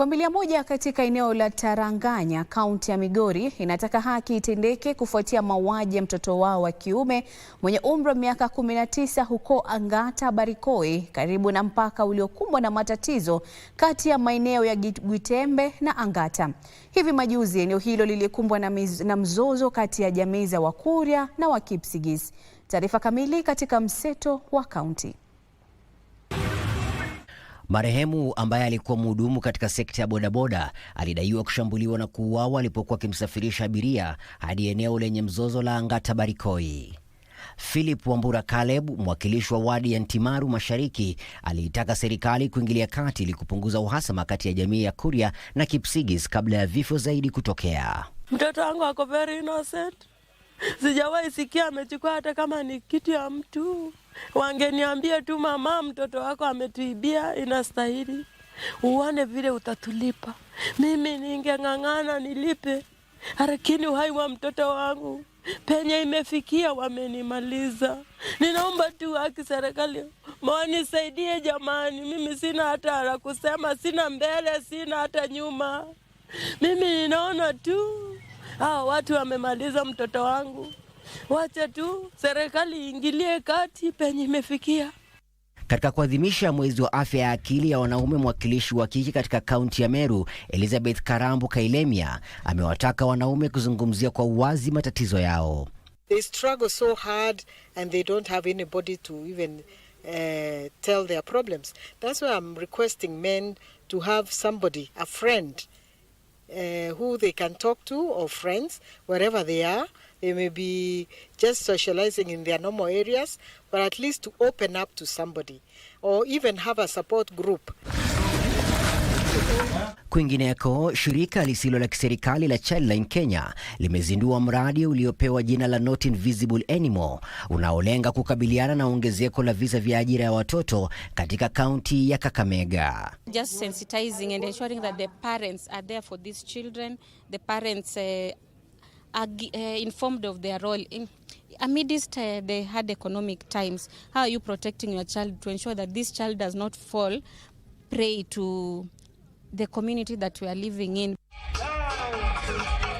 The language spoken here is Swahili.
Familia moja katika eneo la Taranganya, kaunti ya Migori inataka haki itendeke kufuatia mauaji ya mtoto wao wa kiume mwenye umri wa miaka 19 huko Angata Barikoi, karibu na mpaka uliokumbwa na matatizo kati ya maeneo ya Gwitembe na Angata. Hivi majuzi eneo hilo lilikumbwa na, na mzozo kati ya jamii za Wakuria na Wakipsigis. Taarifa kamili katika mseto wa kaunti. Marehemu ambaye alikuwa mhudumu katika sekta ya bodaboda alidaiwa kushambuliwa na kuuawa alipokuwa akimsafirisha abiria hadi eneo lenye mzozo la Angata Barikoi. Philip Wambura kaleb mwakilishi wa wadi ya Ntimaru Mashariki, aliitaka serikali kuingilia kati ili kupunguza uhasama kati ya jamii ya Kuria na Kipsigis kabla ya vifo zaidi kutokea. Mtoto wangu ako very innocent. Sijawahi sikia amechukua hata kama ni kitu ya mtu. Wangeniambia tu mama, mtoto wako ametuibia, inastahili uone vile utatulipa. Mimi ningeng'ang'ana nilipe, lakini uhai wa mtoto wangu penye imefikia wamenimaliza. Ninaomba tu haki serikali mwanisaidie jamani. Mimi sina hata la kusema, sina mbele, sina hata nyuma. Mimi ninaona tu hao ah, watu wamemaliza mtoto wangu. Wacha tu serikali iingilie kati penye imefikia. Katika kuadhimisha mwezi wa afya ya akili ya wanaume, mwakilishi wa kike katika kaunti ya Meru Elizabeth Karambu Kailemia amewataka wanaume kuzungumzia kwa uwazi matatizo yao. They struggle so hard and they don't have anybody to even uh, tell their problems. That's why I'm requesting men to have somebody, a friend uh, who they can talk to or friends wherever they are. They may be just socializing in their normal areas, but at least to open up to somebody or even have a support group. Kwingineko, shirika lisilo la kiserikali la Childline Kenya limezindua mradi uliopewa jina la Not Invisible Anymore unaolenga kukabiliana na ongezeko la visa vya ajira ya watoto katika kaunti ya Kakamega. Just sensitizing and ensuring that the parents are there for these children. The parents uh, are uh, informed of their role. In, amidst uh, the hard economic times, how are you protecting your child to ensure that this child does not fall prey to the community that we are living in.